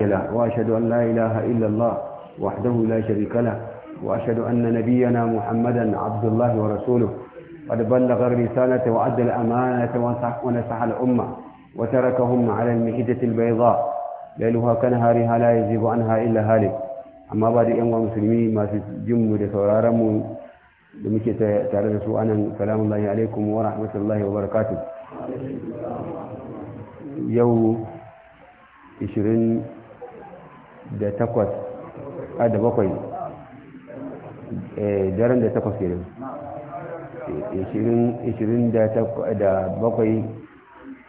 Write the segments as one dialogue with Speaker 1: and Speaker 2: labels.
Speaker 1: له وأشهد أن لا إله إلا الله وحده لا شريك له وأشهد أن نبينا محمدا عبد الله ورسوله قد بلغ الرسالة وأدى الأمانة ونصح الأمة وتركهم على المهدة البيضاء ليلها كنهارها لا يزيغ عنها إلا هالك amma ba da yan musulmi masu jinmu da sauraronmu da muke tare da su anan salamullahi alaikum wa rahmatullahi wa barakatuh yau 20 da takwas a da bakwai eh, daren da takwas kenan ishirin da bakwai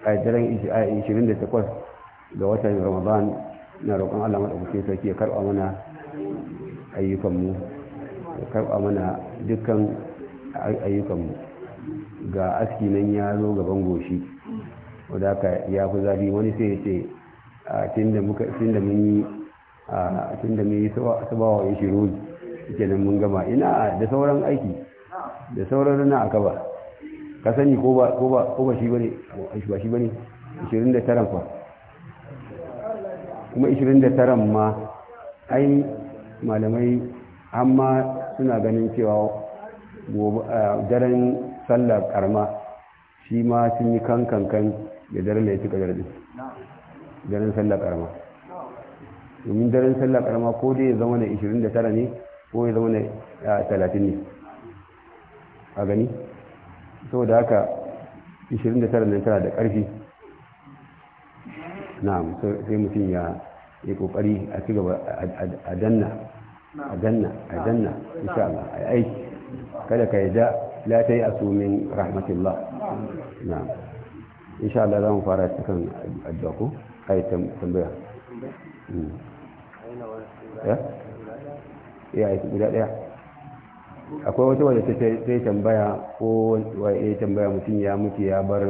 Speaker 1: a daren ishirin da takwas ga watan ramadan na roƙon da maɗaukacin sarki ya karɓa mana ayyukanmu ya karɓa mana dukkan ayyukanmu ga aski nan ya zo gaban goshi wadda ya fi zafi wani sai ya ce a tun da mun yi tun da mai sabawa ya shiro kenan mun gama ina da sauran aiki da sauran na a ba ka sani ko ba ko ba ko ba shi bane ba shi bane 29 fa kuma 29 ma ai malamai amma suna ganin cewa daren sallar karma shi ma sun yi kankan kan da daren da ya ci da din daren sallar karma domin daren sallah karama ko dai ya zama na 29 ne ko ya zama na 30 ne a gani saboda haka 29 nan tana da ƙarfi na sai mutum ya yi ƙoƙari a ci gaba a danna a danna a danna insha Allah a aiki kada ka yadda la ta yi asumin rahmatullah na'am insha Allah za mu fara cikin addu'a ko ai tambaya ya guda daya akwai wata wadda ta tambaya ko ya tambaya mutum ya mutu ya bar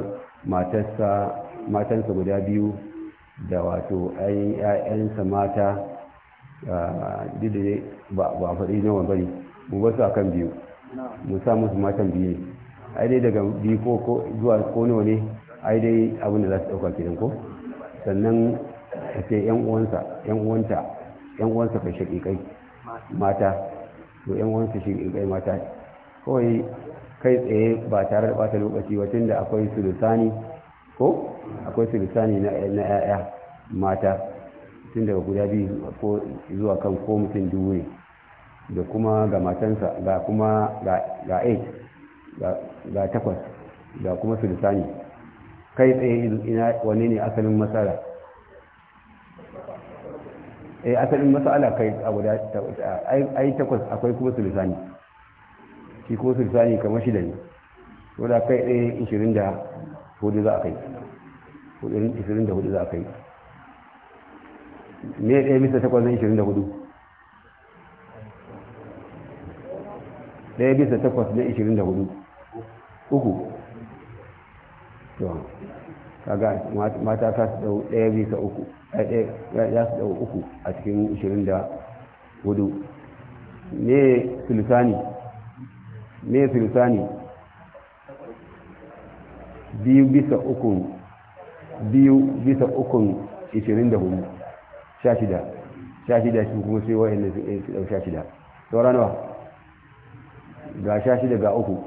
Speaker 1: matansa guda biyu da wato ayin 'ya'yansa mata didi ba a faɗi nawa bari mu ba su akan biyu mu sa musu matan biyu ne ai dai daga biyu ko zuwa ko nawa ne ai dai abin da za su ɗauka kenan ko sannan ka ce yan uwansa yan uwanta uwansa ka shaƙiƙai mata to yan uwansa shaƙiƙai mata kawai kai tsaye ba tare da bata lokaci wacin da akwai sulusani ko akwai sulusani na ya'ya mata tun daga guda biyu ko zuwa kan ko mutum dubu ne da kuma ga matansa ga kuma ga 8 ga takwas ga kuma sulusani kai tsaye ina wane ne asalin matsala eh asalin ala kai a guda ai takwas akwai kuma sulisani shi ko sulisani kamar shida ne ko da kai ɗaya ishirin da hudu za a kai hudun ishirin da hudu za a kai me ɗaya bisa takwas na ishirin da hudu ɗaya bisa takwas na ishirin da hudu uku to kaga mata ta su ɗaya bisa uku ya su ɗau uku a cikin ishirin da hudu ne sulusani ne sulusani biyu bisa ukun biyu bisa ukun da hudu sha shida sha shida shi kuma sai wa'in da eh, su ɗau sha shida nawa ga sha shida ga uku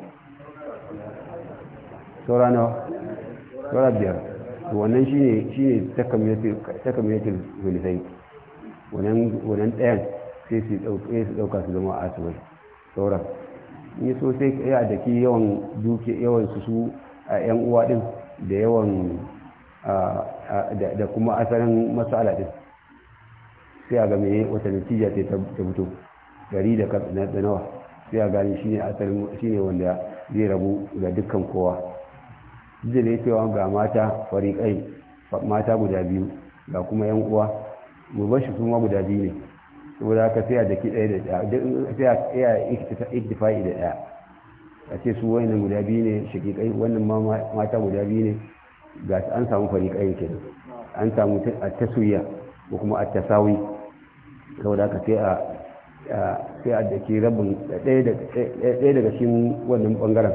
Speaker 1: saura biyar shi wannan shi ne takamiyatul hulisai wannan wannan ɗayan sai su ɗauka su ɗauka su zama asibai sauran in so sai ya da ke yawan duke yawan su su a yan uwa ɗin, da yawan da kuma asalin masala din sai a game wata natija ce ta fito gari da nawa sai a gani shi asalin wanda zai rabu ga dukkan kowa zai ne cewa ga mata fariƙai mata guda biyu ga kuma yan uwa gobe shi kuma guda biyu ne saboda haka sai a daki ɗaya da ɗaya sai a iya ikitifai da ɗaya a ce su wani guda biyu ne shakiƙai wannan mata guda biyu ne ga an samu fariƙai ke da an samu a taswiya ko kuma a tasawi saboda haka sai a sai a daki rabin ɗaya daga cikin wannan ɓangaren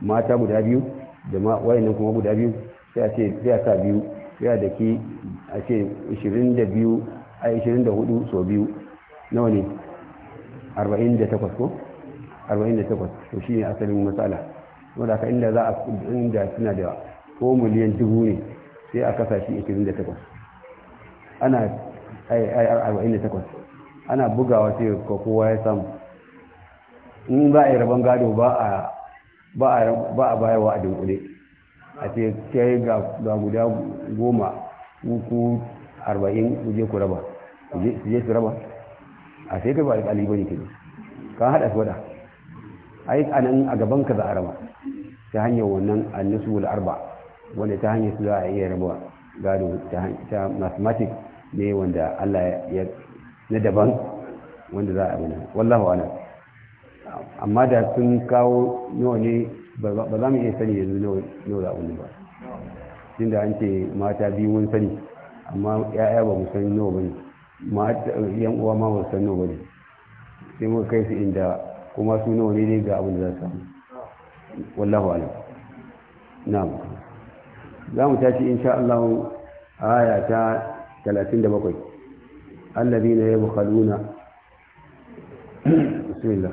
Speaker 1: mata guda biyu da ma wayannan kuma guda biyu sai a ce sai a sa biyu sai a daki a ce 22 a 24 so biyu nawa ne 48 ko 48 to shine asalin matsala wanda aka inda za a inda suna da ko miliyan dubu ne sai a kasa shi 28 ana ai ai 48 ana bugawa sai kowa ya samu in ba a yi rabon gado ba a ba a bayarwa a dunkule a ce sai ga guda goma uku arba'in kuje ku raba kuje su raba a sai ka ba alƙali ba ne ke ka haɗa su wada A yi nan a gaban ka za a raba ta hanyar wannan annisu wal arba wanda ta hanyar su za a iya raba gado ta mathematics ne wanda Allah ya na daban wanda za a abin wallahu alam amma da sun kawo nawa ne ba za mu iya sani yanzu nawa za ba da an ce mata biyu mun sani amma ya'ya ba mu san nawa ba ne yan uwa ma ba san nawa ba ne sai mu kai su inda kuma su nawa ne ga abin da za su samu wallahu alam mu za mu tashi insha Allah aya ta 37 allazina yabkhaluna بسم الله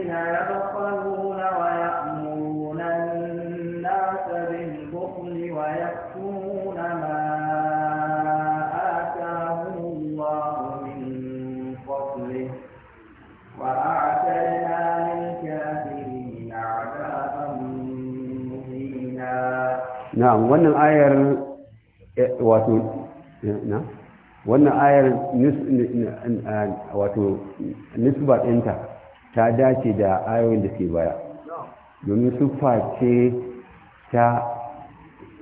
Speaker 1: na'am wannan ayar eh, wato na wannan ayar wato nisba ɗinta ta dace da ayoyin da ke baya domin sufa ce ta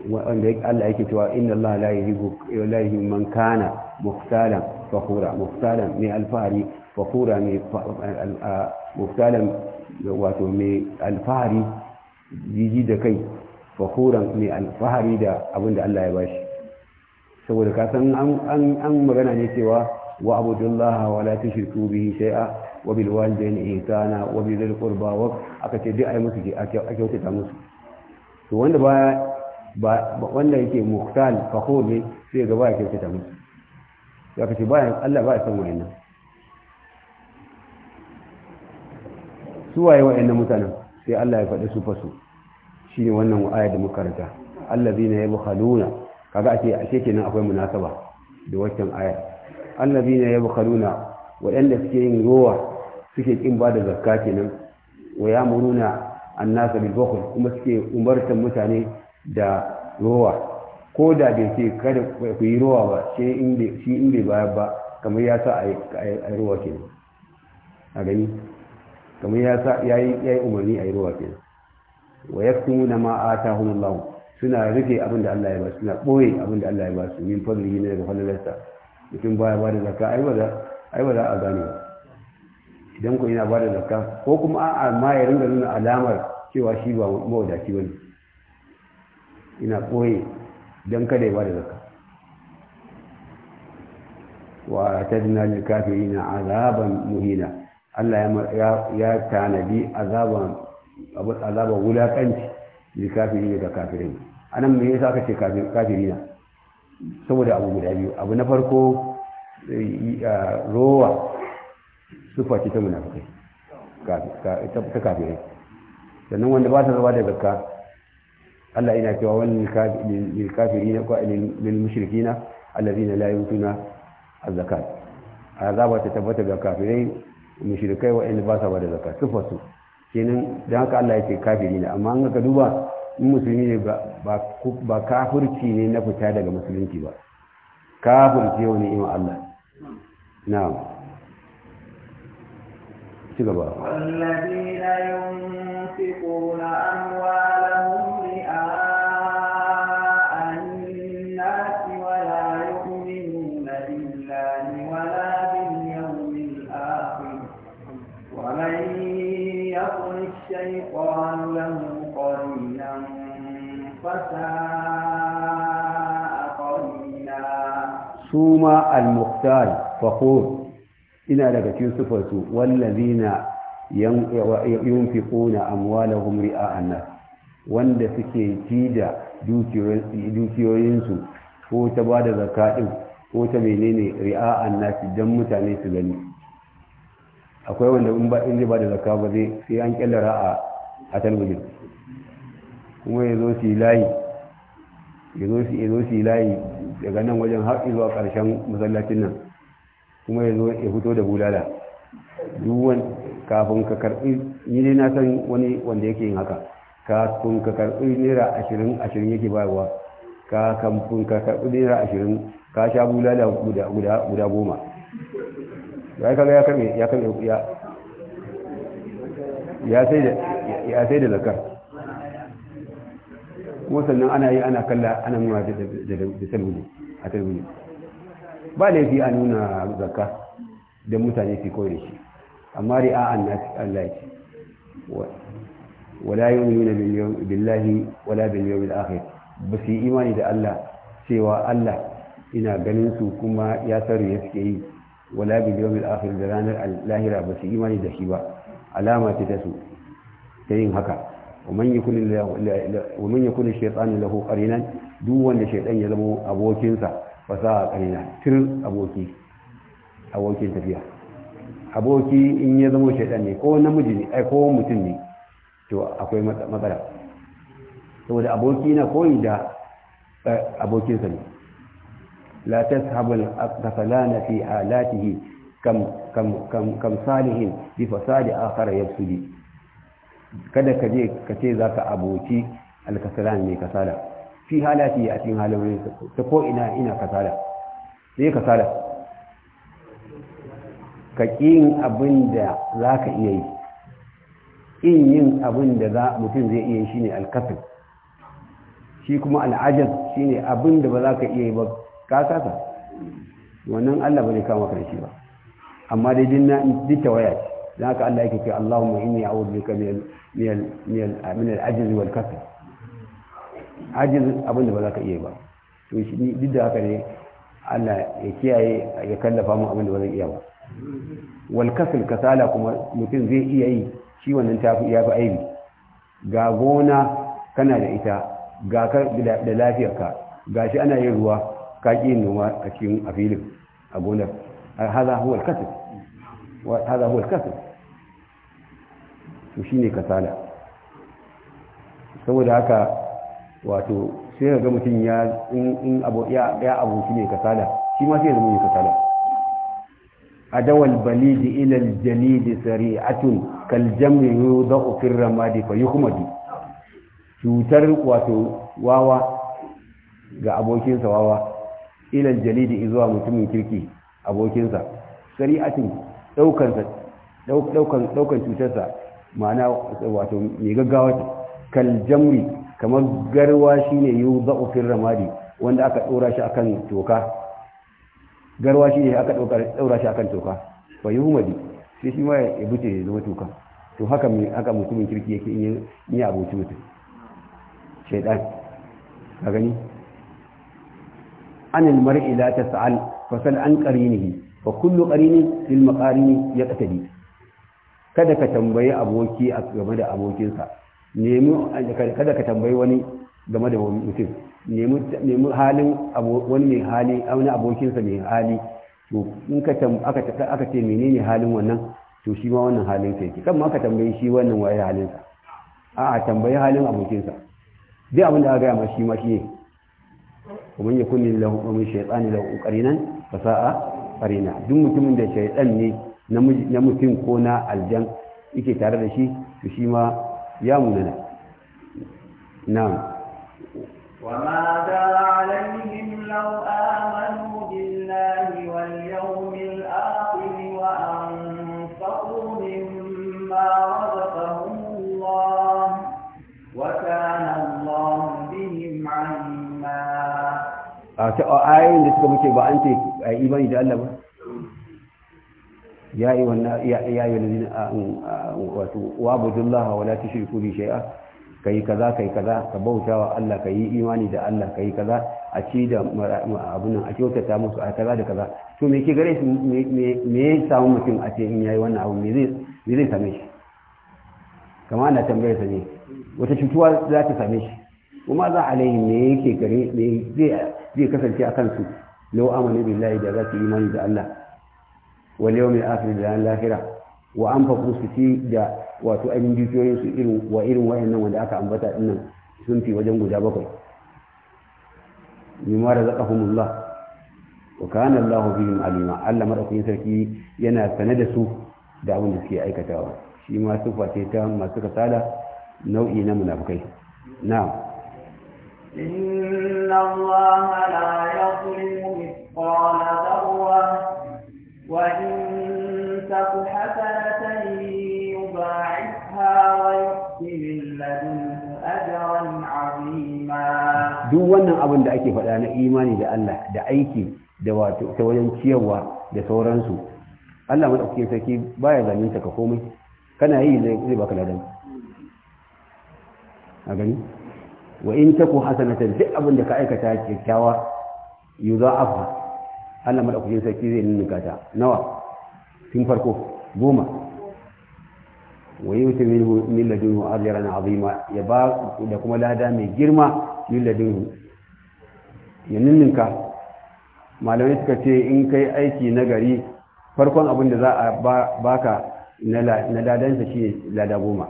Speaker 1: wanda Allah yake cewa inna Allah la yuhibbu la man kana muhtalan fakhura mai alfahari fakhura mai wato mai alfahari jiji da kai fahuran mai alfahari da abin da Allah ya bashi saboda kasan an magana ne cewa wa abudullaha wa la tushriku bihi shay'a wa bil walidayni ihsana wa bil dhil qurba wa aka ce dai ayi musu ake wuce ta musu to wanda ba wanda yake muhtal fakhur ne sai ga ba ya kyauta ta musu to aka ce ba Allah ba ya san wayannan su waye wayannan mutanen sai Allah ya faɗi su fasu shi ne wannan wa'aya da muka rata ya allazina yabkhaluna kaga ake sheke nan akwai munasaba da zina ya allazina yabkhaluna waɗanda suke yin rowa suke ƙin ba da zakka nan, wa ya an annasa bil bukhl kuma suke umartan mutane da rowa ko da bai ce kada ku yi rowa ba shi in bai bayar ba kamar ya sa a yi rowa nan a gani kamar ya yi umarni a yi rowa kenan wa yaktumuna ma atahum Allah suna rike abin da Allah ya ba su suna boye abin da Allah ya ba su min fadli ne daga fadlarsa mutum baya ba da zakka ai ba za ai ba za a gane ba idan ku yana ba da zakka ko kuma a'a ma ya ringa nuna alamar cewa shi ba mawadaci bane ina boye dan kada ya ba da zakka wa tadna lil kafirina azaban muhina Allah ya tanadi azaban abu azaba wulakanci ni kafiri ga kafirin anan me yasa aka ce kafiri na saboda abu guda biyu abu na farko eh, ah, rowa sufa ce ta munafikai ta kafirai sannan wanda ba ta zaba da zakka Allah ina cewa wani lil kafirina ko lil mushrikina allazina la yutuna zakka. A azaba ta tabbata ga kafirai mushrikai wa'anda ba sa ba da zakka sufa su kenan don haka Allah ya ce kafiri ne amma an ka duba in musulmi ne ba kafirci ne na fita daga musulunci ba kafirci yau na Allah na ci gaba
Speaker 2: yunfiquna
Speaker 1: suma al-muqtar fakhur ina daga cikin sifarsu wallazina yunfiquna amwalahum ri'a'an nas wanda suke jida dukiyoyinsu ko ta bada zakka din ko ta menene ri'a'an nas dan mutane su gani akwai wanda in ba in zai zakka ba zai sai an kyallara a a talbijin kuma yazo shi layi ya zo su yi layi daga nan wajen har zuwa karshen masallacin nan kuma ya zo ya fito da bulala duwan kafin ka karbi ni dai na san wani wanda yake yin haka kafin ka karbi naira ashirin ashirin yake bayarwa ka kamfin ka karbi naira ashirin ka sha bulala guda guda guda goma ya kaga ya karɓe ya
Speaker 3: ya sai da ya sai da zakar
Speaker 1: kuma sannan ana yi ana kalla ana nuna da talbijin a talbijin ba laifi a nuna zakka don mutane su koyi da shi amma an na Allah ya wala yu'minuna billahi wala bil yawmil akhir ba su yi imani da Allah cewa Allah ina ganin su kuma ya sarri ya suke yi wala bil yawmil akhir da ranar lahira ba su yi imani da shi ba alama ce ta su ta yin haka ومن يكون الشيطان له قرينا duk wanda shaidan ya zama abokinsa ba a karina tun abokin tafiya aboki in ya zama shaidan ne ko namiji ne ko mutum ne to akwai matsala saboda aboki na koyi da eh, abokinsa ne la tashabul aqsalana fi halatihi kam kam kam salihin bi fasadi akhar yafsudi kada ka je ka ce za ka aboki alkasalan mai kasala fi halati a cikin halawai ta ko ina ina kasala sai kasala ka ƙin abin da za ka iya yi in yin abin da mutum zai iya yi shi ne alkasar shi kuma al'ajar shi ne abin da ba za ka iya yi ba ka kasa wannan allah ba zai kama karshe shi ba amma dai duk tawaya ce da haka Allah yake ce Allahumma inni a'udhu bika min min al-ajz wal kasl abin da ba za ka iya ba to shi duk da haka ne Allah ya kiyaye ya kallafa mu abin da ba zan iya ba wal kasala kuma mutum zai iya yi shi wannan tafi ya fi aibi ga gona kana da ita ga da lafiyar ka, shi ana yin ruwa ka ƙi noma a filin a gonar haza to shine kasala saboda haka wato sai ga mutum ya in abu ya ya abu shine kasala shi ma sai zama kasala adawal balid ila al jalid sari'atun kal jamri yudau fi ramadi fa bi cutar wato wawa ga abokinsa wawa ilal jalidi zuwa mutumin kirki abokinsa tsari daukansa daukan daukan cutarsa ma'ana wato mai gaggawa ce kal jamri kamar garwa shine yuzau fil ramadi wanda aka ɗora shi akan toka garwa shi ne aka ɗora shi akan toka fa yuhmadi sai shi ma ya bute ya zama toka to haka mai aka mutumin kirki yake in ya abuci mutum shaidan ka gani anil mar'i la tas'al fa sal an qarinihi fa kullu qarini fil maqarini yaqtadi kada ka tambayi aboki a game da abokinsa nemi kada ka tambayi wani game da wani mutum nemi halin wani mai hali wani abokinsa mai hali to in ka aka ce menene halin wannan to shi ma wannan halin sa yake kan ka tambayi shi wannan waye halin sa a tambayi halin abokinsa dai abin da aka gaya ma shi ma shi ne ومن يكن له من شيطان له قرينا فساء قرينا دم mutumin da shaytan ne na mutum ko na aljan yake tare da shi su shi ma ya muna na a ta ayoyin da suka muke ba an ce a yi ibani da Allah ba ya yi wannan ya yi wannan wato wa abudullaha wala tushriku bi Ka yi kaza ka yi kaza ka bautawa Allah ka yi imani da Allah ka yi kaza a ci da abun nan a ta musu a kaza da kaza to me ke gare shi me ya samu mutum a ce in yi wannan abu me zai same shi kama ana tambayar sa ne wata cutuwa za ta same shi kuma za a laihi ne yake gare me zai kasance a kansu lau amani billahi da za su imani da Allah wal yawmil akhir da ran lahira wa anfaqu su ci da wato ainihin dukiyoyin wa irin wayannan wanda aka ambata dinnan sun fi wajen guda bakwai mimma razaqahumullah wa kana Allah bihim alima Allah madaukakin sarki yana sane da su da abin da suke aikatawa shi ma sufa ce ta masu kasala nau'i na munafukai na.
Speaker 2: وإن تك حسنة يضاعفها ويؤتي لدنه أجرا عظيما duk
Speaker 1: wannan abin da ake faɗa na imani da Allah da aiki da wato ta wajen ciyarwa da sauransu Allah madaukakin sarki baya zamin ka komai kana yi zai baka ladan a gani wa in taku hasanatan duk abin da ka aikata kyakkyawa afa. Allah madaukakin sarki zai nuna ta nawa tun farko goma wa wuce minhu min ladunhu ajran azima ya ba da kuma lada mai girma min ladunhu ya ka malamai suka ce in kai aiki na gari farkon abin da za a baka na ladansa shi ne lada goma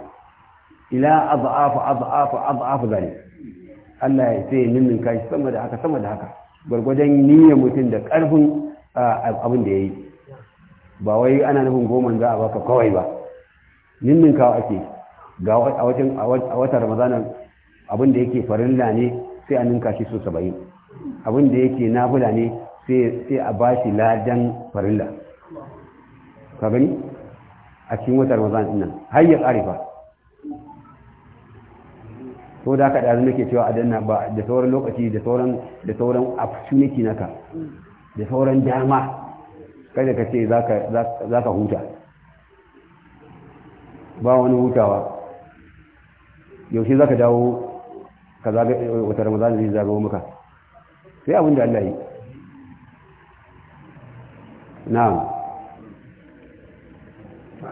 Speaker 1: ila azafa azafa azafa zane Allah ya sai ninninka shi sama da haka sama da haka gwargwadon niyyar mutum da ƙarfin abin da ya yi ba wai ana nufin goma za a baka kawai ba kawo ake ga a wata ramadana abin da yake farilla ne sai a ninka shi so saba'in abin da yake nafula ne sai a bashi ladan farilla ka gani a cikin wata ramadana ɗin nan har ya ƙarifa ko da ka dazu nake cewa a danna ba da sauran lokaci da sauran da sauran opportunity naka da sauran dama kada ka ce za ka huta ba wani hutawa yaushe za ka dawo ka zaga wata ramadan zai zagawo maka sai abin da Allah yi na'am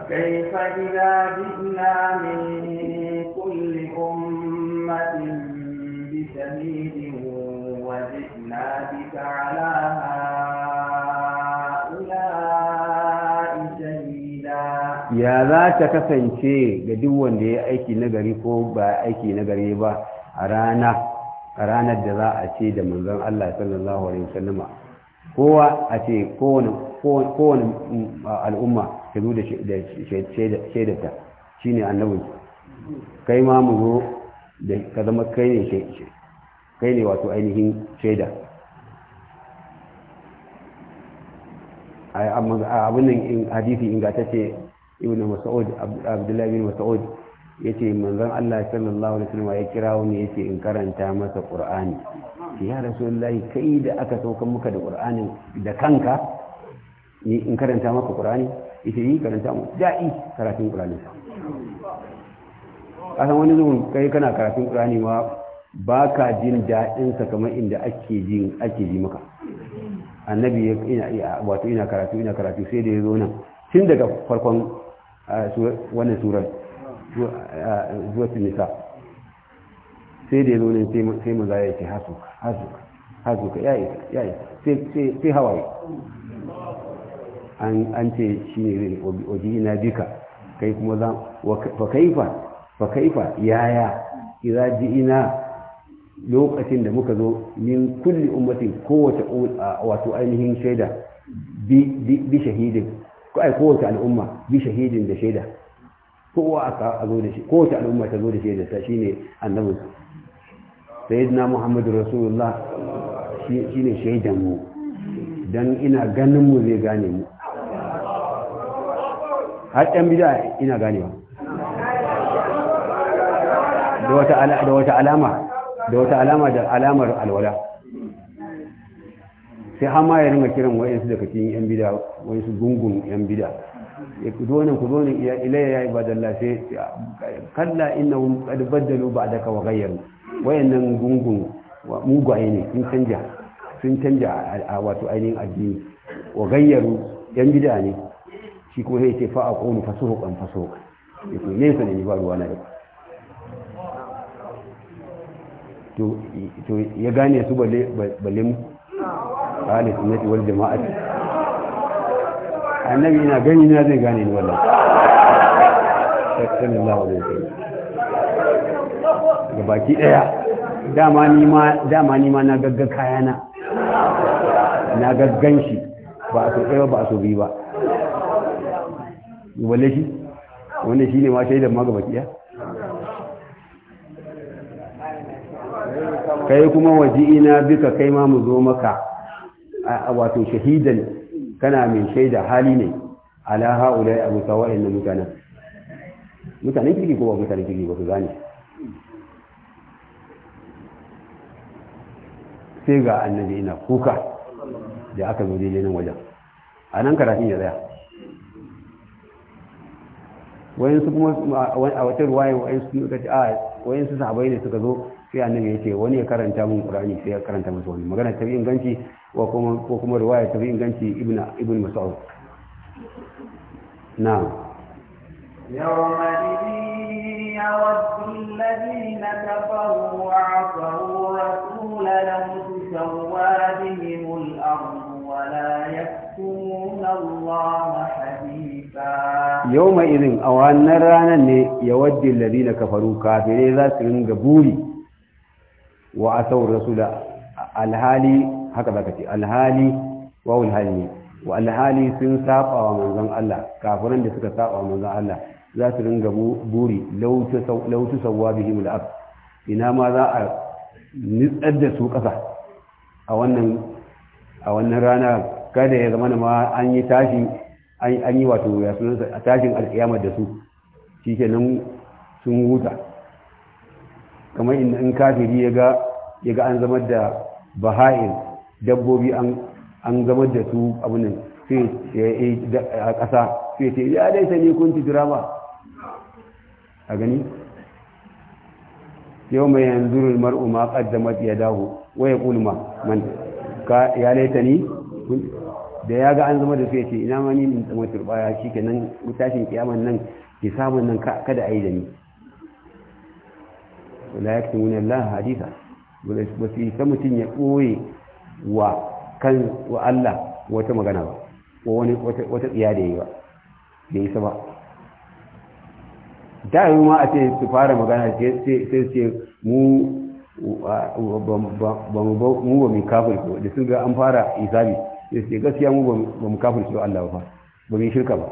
Speaker 2: كيف إذا جئنا من كل أمة بشهيد وجئنا بك على هؤلاء شهيدا يا
Speaker 1: ذات كسنشي قدوان دي أيكي نغري فوق أيكي نغري با رانا ranar da za a ce da manzon Allah sallallahu alaihi wasallama kowa a ce kowane al'umma ka da shaidarta shi ne annabin kai ma mu zo da ka zama kai ne kai ne wato ainihin shaida hadithi inga ta ce ibn mas'ud abdullahi bin mas'ud ce, manzan Allah sallallahu alaihi wasallam ya kira wani ya ce in karanta masa Qur'ani ya rasulullahi kai da aka sauka muka da ƙur'ani da kanka in karanta maka Qur'ani ita yi karanta mu da'i karatun A san wani zuwan kai kana karatun ƙulani ma ba ka jin da'insa kamar inda ake ji ake ji maka annabi ya ina wato ina karatu ina karatu sai da ya zo nan tun daga farkon wannan surar zuwa nisa sai da ya zo nan sai mu zaya ce hasuka hasuka hasuka ya yi sai hawaye an ce shi ne waje na duka kai kuma za fa kaifa fa kaifa yaya ji ina lokacin da muka zo min kulli ummatin kowace wato ainihin shaida bi shahidin ko ai kowace al'umma bi shahidin da shaida kowa aka zo da shi kowace al'umma ta zo da shaida ta shine annabi sayyidina muhammadu rasulullah shine shaidan mu dan ina ganin mu zai gane mu har ɗan bida ina ganewa da wata alama da wata alama da alamar alwala sai hama ya ringa kiran su daga cikin yan bida su gungun yan bida ya ku zonin ku zo ya yi ya ibadallah sai kalla innahum ba baddalu ba'daka wa ghayyaru wayannan gungun mugaye ne sun canja sun canja a wato ainihin addini wa gayyaru yan bida ne shi kuma sai ce fa a ƙonu fasuhukan fasuhukan ya kuma nesa da ni ba ruwa na yau to ya gane su balle mu a ahli sunnati wal jama'ati annabi na gani na zai gane ni wallahi sallallahu alaihi wasallam ga baki daya dama ni ma na gagga kayana na gaggan shi ba a so ɗaya ba a so biyu ba wale shi wanda shi ne ma shaidan ma gaba kiya kai kuma ina bika kai ma mu zo maka A wato shahidan kana mai shaida hali ne ala haula abu tawa'in na mutanen mutanen kirki ko ba mutanen kirki ba su gane sai ga annabi ina kuka da aka zo daidai nan wajen a nan karatun ya tsaya wayansu kuma a wata ruwaya wayansu suka ce a wayansu sahabbai ne suka zo sai annabi ya ce wani ya karanta mun qur'ani sai ya karanta masa wani magana ta inganci ko kuma ko kuma ruwaya ta inganci ibnu ibnu mas'ud na'am
Speaker 2: yawma idin yawaddu alladhina kafaru wa 'asaw rasula lam tusawwa bihim al-ard wa la
Speaker 1: yau mai izin a wannan ranar ne ya wadde lari na kafaru kafirai za su ringa buri wa a saurin rasu da alhali haka za ka ce alhali wa wulhali ne wa alhali sun saba wa manzan Allah kafiran da suka saba wa manzan Allah za su ringa buri lautu sauwa bihi mul'ab ina ma za a nitsar da su ƙasa a wannan rana kada ya zama ma an yi tashi an yi wato ya sunansa a tashin alƙiyama da su shi nan sun huta kamar in kafiri ya ga an zama da baha'in dabbobi an zama da su abinin sai a ƙasa sai ce ya dai sani ci drama a gani yau mai yanzu mar'u ma ƙaddamat ya dawo waya ƙulma man ka ya laita ni da ya ga an zama da su ya ce ina ma ni in zama turbaya shi ke nan tashin kiyaman nan ke samun nan kada a yi da ni wala ya kitin wunan lan hadisa ba su isa mutum ya ɓoye wa kan wa Allah wata magana ba ko wani wata tsiya da yi ba da isa ba da yi ma a ce su fara magana sai ce mu ba mu ba kafin da su ga an fara isabi ya ce gaskiya mu ba mu kafin cewa Allah ba ba mu shirka ba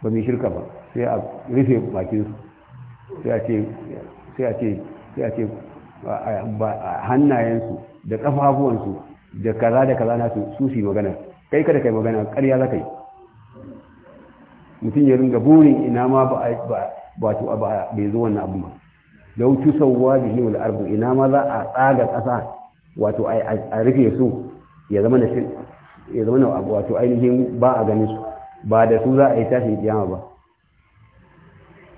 Speaker 1: ba mu shirka ba sai a rufe bakin su sai a ce sai a ce a ce hannayensu da su da kaza da kaza nasu su su magana kai kada kai magana ƙarya za ka yi mutum ya ringa burin ina ma ba ba to ba bai zo wannan abu ba lau tusawwa bihi wal ardu ina ma za a tsaga ƙasa wato a rufe su ya zama na ya zama na wato ainihin ba a ganin su ba da su za a yi tashin kiyama ba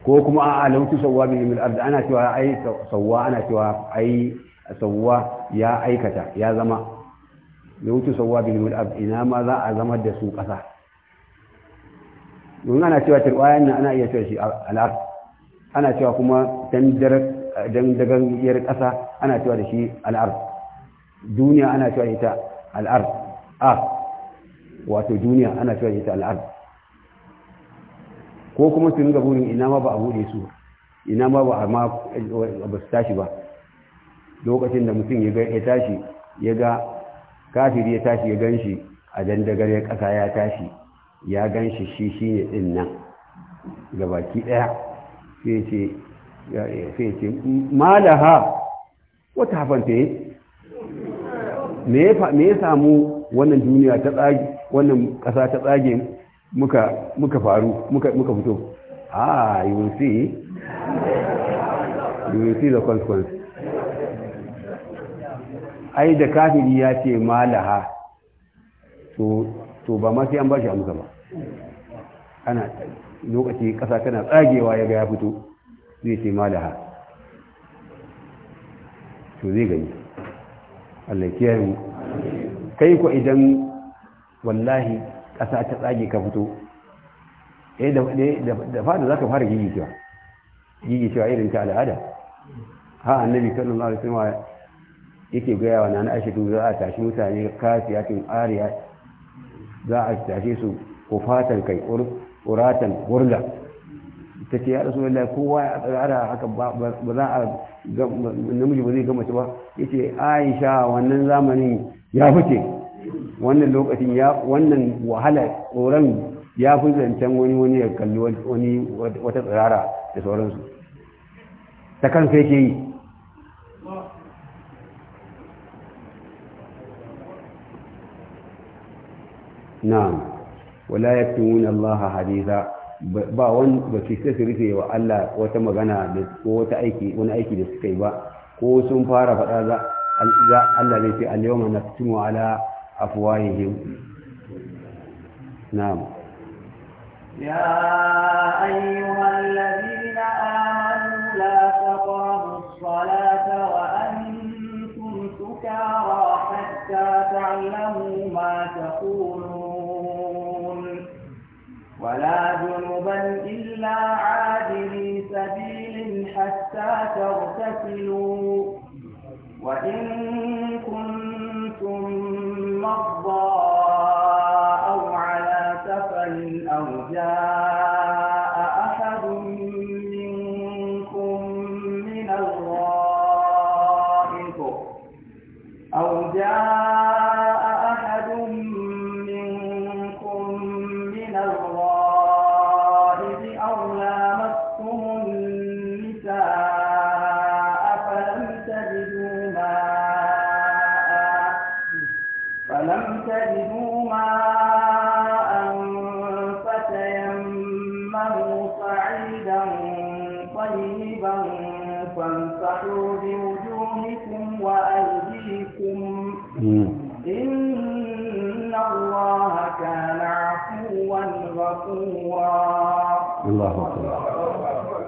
Speaker 1: ko kuma a alautu sauwa bin imil arda ana cewa ai sauwa ana cewa ai sauwa ya aikata ya zama yautu sauwa bin imil arda ina ma za a zama da su kasa. don ana cewa tirwayan nan ana iya cewa shi al'ar ana cewa kuma yar ƙasa ana cewa da shi al'ar duniya ana cewa ita al'ar a wato duniya ana cewa ita al'ar ko kuma su ringa burin ina ma ba a buɗe su ina ma ba a ma eh, ba su tashi ba lokacin da mutum ya tashi ya ga kafiri ya tashi ya gan shi a ya ƙasa ya tashi ya gan shi shi shi ne din nan gabaki ɗaya sai ce malaha wata hafanta me ya samu wannan duniya ta tsage wannan ƙasa ta tsage muka muka faru muka muka fito ah you will see you will see the consequence ai da kafiri ya ce malaha to to ba ma sai an bashi amsa ba ana lokaci ƙasa tana tsagewa ya ga ya fito zai ce malaha to zai gani Allah ya kiyaye mu kai ku idan wallahi ƙasa ta tsage ka fito eh da fada za ka fara gigicewa cewa irin ta al'ada ha annabi sallallahu alaihi wasallam yake gaya wa nana aisha za a tashi mutane tin ariya za a tashi su ko fatan kai uratan gurga ta ce ya rasulullahi kowa ya tsara haka ba za a namiji ba zai gama ci ba ya ce aisha wannan zamanin ya fice wannan lokacin ya wannan wahala tsoron ya fi zancen wani wani ya kalli wani wata tsirara da sauransu ta kan sai ke yi Na wala yaktumuna Allah haditha ba wani ba su sai su rufe wa Allah wata magana da ko wata aiki wani aiki da suka yi ba ko sun fara faɗa za الذي في اليوم نقسم على افواههم نعم
Speaker 2: يا أيها الذين آمنوا لا تقربوا الصلاة وأنتم سكارى حتى تعلموا ما تقولون ولا جنبا إلا عادلي سبيل حتى تغتسلوا وإن كنتم مرضى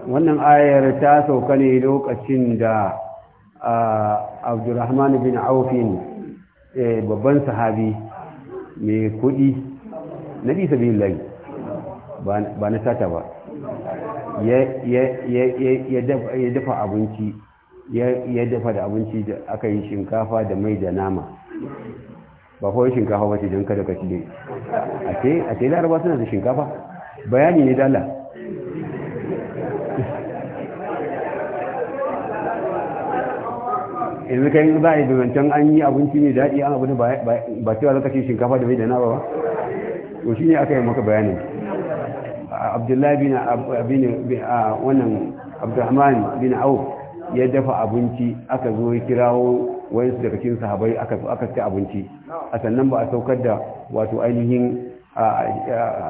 Speaker 2: wannan ayar ta
Speaker 1: sauka ne lokacin da Abdurrahman bin Auf eh, babban sahabi mai kudi na bi ba na sata ba ya dafa abinci ya dafa da abinci da aka yi shinkafa da mai da nama ba kawai shinkafa ba ce don kada ka cire a ce a ce laraba suna da shinkafa bayani ne dala yanzu kai za a yi bimantan an yi abinci mai daɗi an abu ba cewa ce shinkafa da mai dana na ba ko shi ne aka yi maka bayani? abdullahi bin wannan bin ya dafa abinci aka zo ya kirawo wai daga cikin sahabai aka aka ci abinci a sannan ba a saukar da wato ainihin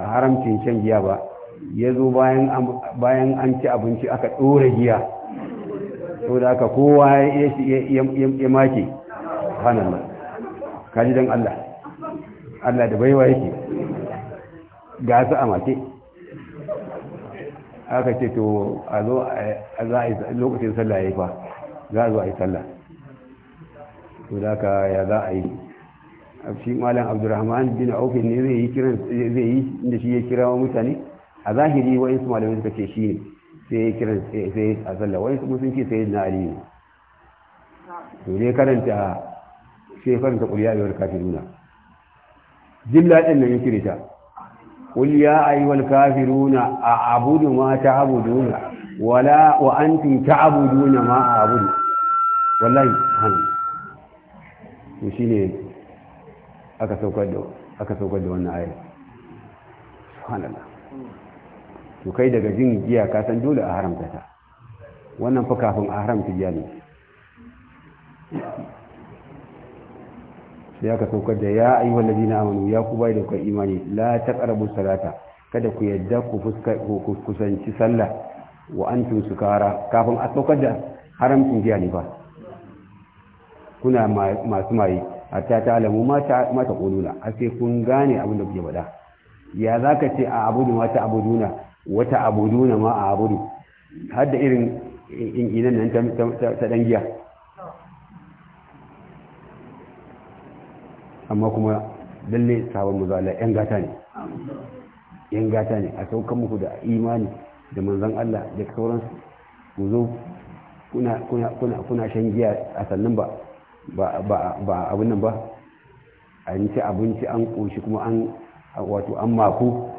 Speaker 1: haramcin shan giya ba ya zo bayan an ci abinci aka ɗora giya to da aka kowa ya make hannun kaji don Allah
Speaker 3: Allah da baiwa yake ga su a make aka ce
Speaker 1: to a zo a za a yi lokacin sallah ya yi fa za a zo a yi sallah to da ka ya za a yi shi malam abdurrahman bin auf ne zai yi kiran zai yi inda shi ya kira wa mutane a zahiri wa malamai suka ce shi ne sai ya kiran sai a sallah wa sun ce sai na ali ne to karanta sai karanta kuliya kafiruna jilla nan ya kirita قل يا أيها الكافرون أعبد ما تعبدون ولا وأنتم تعبدون ما أعبد والله هم to shi ne aka saukar da wannan ayat Suhanallah. to kai daga jin giya ka san dole a haramta ta wannan fa kafin a haramta giya ne sai aka saukar da ya ayi wallazi na amanu ya ku bai da kwa imani la taqrabu salata kada ku yadda ku kusanci sallah wa su sukara kafin a saukar da haramcin giya ne ba kuna masu maye a ta alamu mata mata a sai kun gane abin da kuke faɗa ya za ka ce a abudu mata abuduna wata abuduna ma a abudu har da irin inan nan ta dan giya amma kuma lalle sabon mazala yan gata ne yan gata ne a saukan muku da imani da manzan Allah da sauransu ku zo kuna shan giya a sannan ba ba abin nan ba an ci abinci an ƙoshi kuma an wato an mako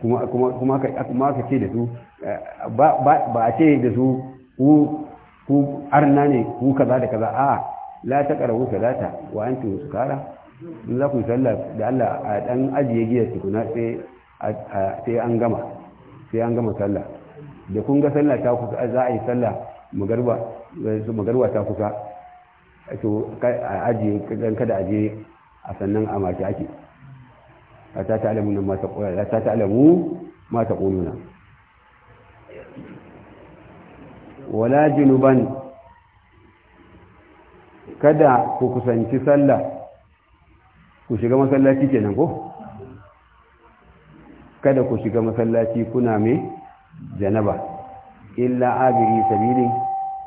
Speaker 1: kuma aka ce da su eh, ba a ce da su ku arna ne ku kaza da kaza a la ta karahu salata wa an su kara in za ku yi sallah da Allah a dan ajiye giyar tukuna sai an gama sai an gama sallah da kun ga sallah ta kusa za a yi sallah magarwa eh, ta kusa ake a ajiye dan kada aje a sannan a mace ake a ta ta'lamu ma ta qulu la ta ta'lamu ma ta quluna wala jinuban kada ku kusanci sallah ku shiga masallaci ke nan ko kada ku shiga masallaci kuna mai janaba illa abiri sabilin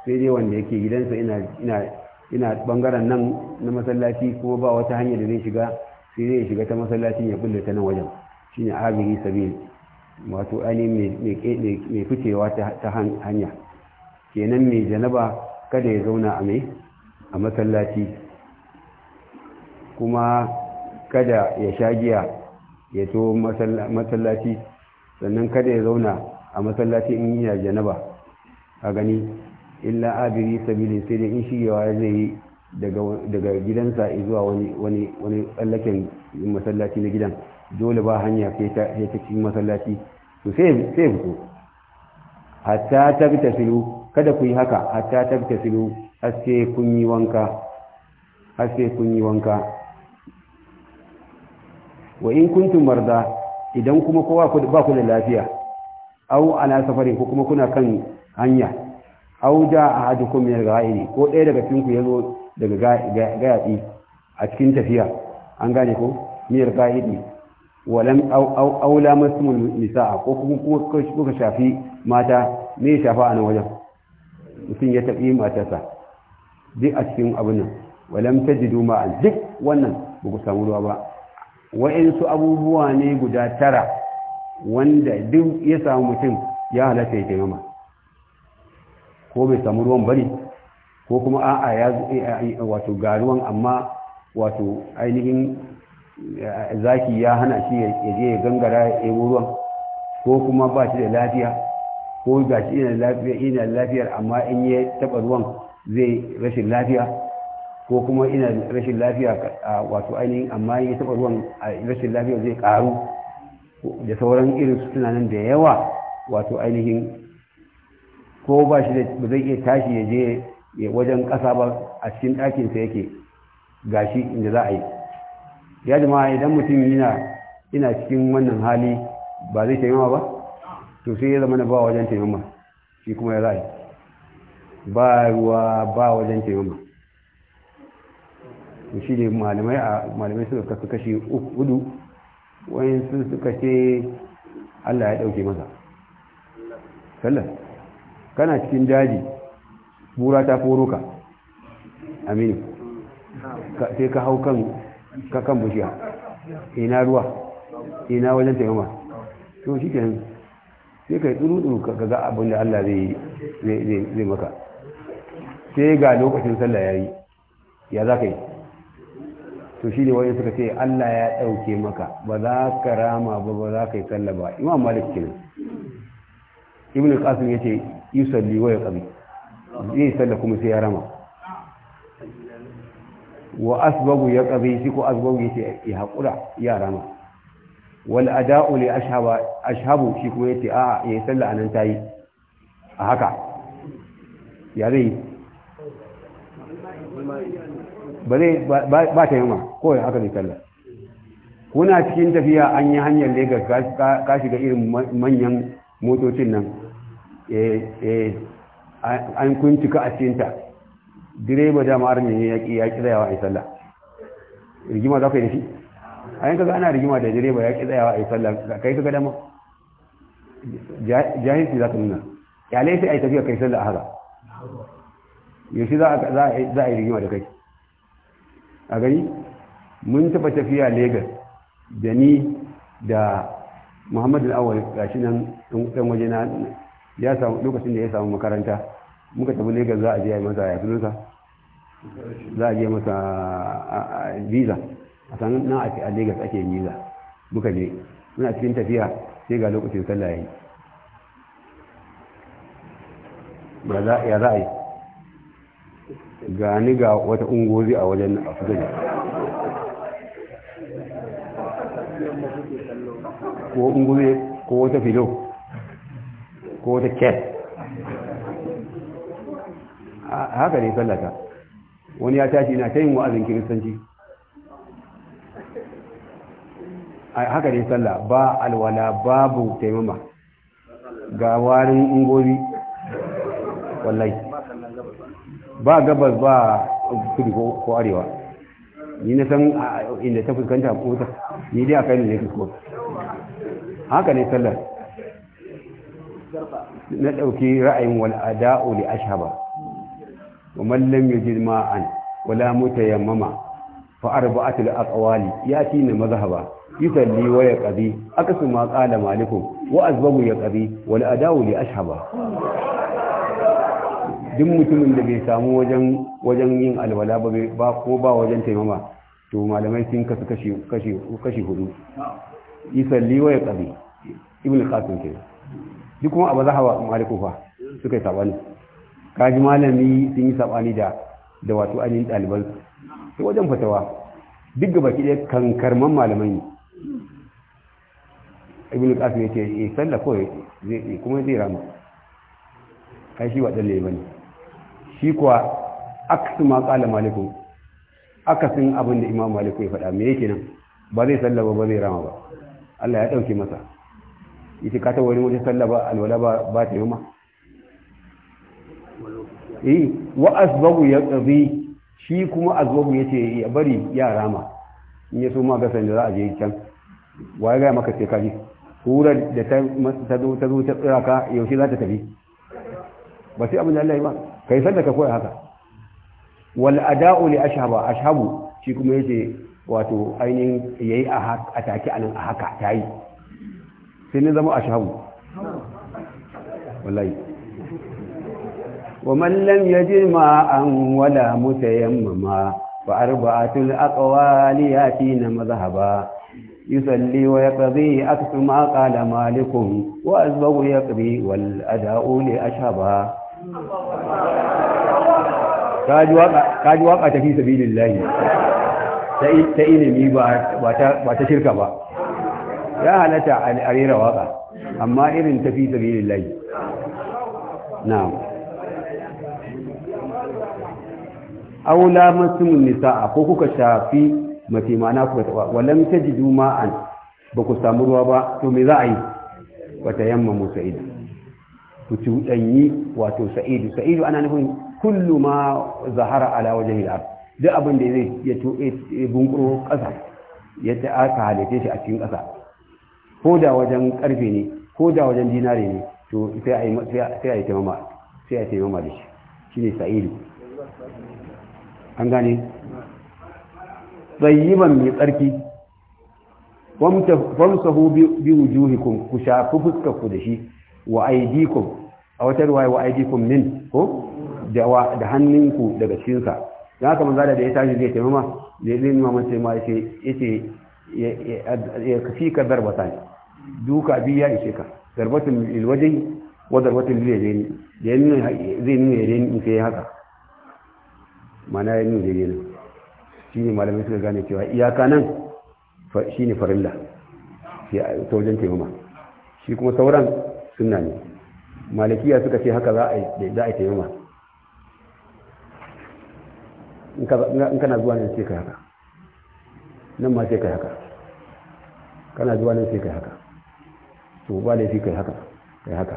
Speaker 1: sai dai wanda yake gidansa ina ina bangaren nan na masallaci kuma ba wata hanya da zai shiga sai zai shiga ta masallaci ya bulle ta nan wajen shine abiri sabil wato ani mai fitewa ta hanya kenan mai janaba kada ya zauna a mai a masallaci kuma kada ya sha ya to masallaci sannan kada ya zauna a masallaci in yana janaba a gani illa abiri sabili sai dai in shigewa zai yi daga gidansa zuwa wani tsallaken masallaci na gidan dole ba hanya ya ta cikin masallaci to sai fito hatta ta bi tasiru kada ku yi haka hatta ta bi ta har kun yi wanka har sai kun yi wanka wa in kuntum marda idan kuma kowa ba ku da lafiya au ana safarin ko kuma kuna kan hanya auja a haji ko min ga'iri ko ɗaya daga cikin ya zo daga gayaɗi a cikin tafiya an gane ko miyar ga'iri walan aula nisa a ko kuma kuka shafi mata me shafa a nan wajen mutum ya tafi matarsa duk a cikin abin nan ta jidu ma'an duk wannan ba ku samu ruwa ba wa'insu abubuwa ne guda tara wanda duk ya samu mutum ya halatta ya taimama ko bai samu ruwan bane ko kuma a'a ya eh, eh, eh, wato garuwan amma wato ainihin zaki ya hana shi ya je ya gangara ya ɗebo ruwan ko kuma ba shi da lafiya ko ga shi ina lafiyar amma in ya taɓa ruwan zai rashin lafiya ko kuma ina rashin lafiya wato ainihin amma ya taɓa ruwan rashin lafiya zai ƙaru da sauran irin su tunanin da yawa wato ainihin
Speaker 3: ko ba shi da ba zai iya tashi
Speaker 1: ya je wajen ƙasa ba a cikin ɗakinsa yake gashi inda za a yi ya jama'a idan mutum yana ina cikin wannan hali ba zai taimama ba to sai ya zama na ba wajen taimama shi kuma ya zai ba ruwa ba wajen taimama to shi ne malamai a malamai suka kasu kashi hudu wayansu suka ce Allah ya dauke masa sallah kana cikin daji bura ta furo ka aminu sai ka hau kan ka kan bushiya ina ruwa ina wajen taimama to shi kenan sai ka yi tsuru-tsuru ka ga abin da Allah zai maka sai ga lokacin sallah ya yi ya za ka yi to shi ne wani suka ce Allah ya ɗauke maka ba za ka rama ba ba za ka yi sallah ba imam malik kenan ibn qasim ya ce yusalli wa yaqbi zai salla kuma sai ya rama wa asbabu yaqbi shi ko asbabu yace ya haƙura ya rama wal ada'u li ashhaba ashhabu shi kuma yace a ya yi salla anan tayi a haka ya zai ba zai ba ta yamma ko ya haka zai salla kuna cikin tafiya an yi hanyar Lagos ka shiga irin manyan motocin nan Eh, eh, an kuntuka a cinta direba jama'ar ne ya ƙi tsayawa a yi sallah rigima za ka yi da shi a yanka ga ana rigima da direba ya ƙi tsayawa a yi sallah kai ka gada ma jahilci za ka nuna yalai sai a yi tafiya kai sallah a haka yaushe za a yi rigima da kai a gani mun taɓa tafiya lagos da ni da muhammadu awal gashi nan ɗan waje na ya samu lokacin da ya samu makaranta muka tafi Legas za a je masa ya sunansa za a je masa visa a sanin nan a Lagos ake visa muka je muna cikin tafiya sai ga lokacin sallah yayi ya za a yi gani ga wata ungozi a wajen a fuskani ko ungozi ko wata filo ko wata kek haka ne sallata wani ya tashi na ta yin wa'azin kiristanci haka ne salla ba alwala babu taimama ga warin ungobi wallai ba gabas ba kudu ko arewa ni na san inda ta fuskanta ko ta ni dai a kai ne fuskanta
Speaker 3: haka ne sallar
Speaker 1: na ɗauki ra'ayin wani ada'u da ashaba wa mallam ya ji ma'an wala muta yammama fa arba'atul aqwali ya ci ne mazhaba yusalli wa ya qadi akasu ma qala malikum wa azbabu ya qadi wal ada'u li ashaba duk mutumin da bai samu wajen wajen yin alwala ba ko ba wajen taimama to malamai sun kasu kashi kashi kashi hudu yusalli wa ya qadi ibn qasim kenan duk kuma abu zahawa maliku fa suka yi sabani kaji malami sun yi sabani da da wato ainihin ɗaliban su wajen fatawa duk gaba ki ɗaya kankarman malamai ne ibn qasim yace eh sallah ko zai eh, kuma zai rama kai shi ba dalle bane shi kuwa aksu ma qala maliku akasin abin da imam maliku ya faɗa me yake nan ba zai sallah ba ba zai rama ba Allah ya ɗauke masa yace ka ta wani wajen sallah ba alwala ba ta ta ma eh wa ya yaqdi shi kuma ya ce ya bari ya rama in ya so ma ga sanda za a je can Wa ya ga maka sai ka ji da ta zo ta zo ta tsira ka yaushe za ta tafi ba sai abin da Allah ya ba kai sanda ka koya haka wal ada'u li ashhaba ashhabu shi kuma yace wato ainihin yayi a take anan a haka tayi sai ne zama a shahu wallahi wa lam ya ji ma'an wada mutu yan mama ba arba a tun akawaliyati na mazahaba yusalli wa ya ƙazi a su maka da malikun wa azbabu ya ƙazi wal ada'u ne a sha ba kaji waka ta fi sabi lillahi ta ilimi ba ta shirka ba ya halatta a rera waka amma irin tafi sabilin layi na aula nisa nisa'a ko kuka shafi mafi mana kuka taɓa? walam ta ji juma'an ba ku samu ruwa ba to me za a yi wata yamma mu sa'idu ku cuɗanyi wato sa'idu sa'idu ana nufin kullu ma zahara ala wajen hil'ar duk abin zai ya bunkuro ƙasa ya ta aka halitta shi a cikin ƙasa ko da wajen karfe ne ko da wajen dinare ne to sai a yi taimama sai a yi taimama da shi ne sa'idu an gane tsayiban mai tsarki famsahu bi wujuhikum ku shafi fuskar ku da shi wa aidikum a wata ruwaya wa aidikum min ko da hannunku daga cikinsa ya kama zada da ya tashi zai taimama da zai nuna mace ma ya ce ya kafi ka zarbata ne duka biyu ya ishe ka zarbatul ilwajai wa zarbatul yadaini da ya nuna zai nuna yadaini in kai haka mana ya nuna yadaini shi ne malamai suka gane cewa iyaka nan shi ne farilla ta wajen taimama shi kuma sauran suna ne malakiya suka ce haka za a yi taimama in kana zuwa nan sai ka haka nan ma sai ka haka kana zuwa nan sai ka haka to ba fi kai haka kai haka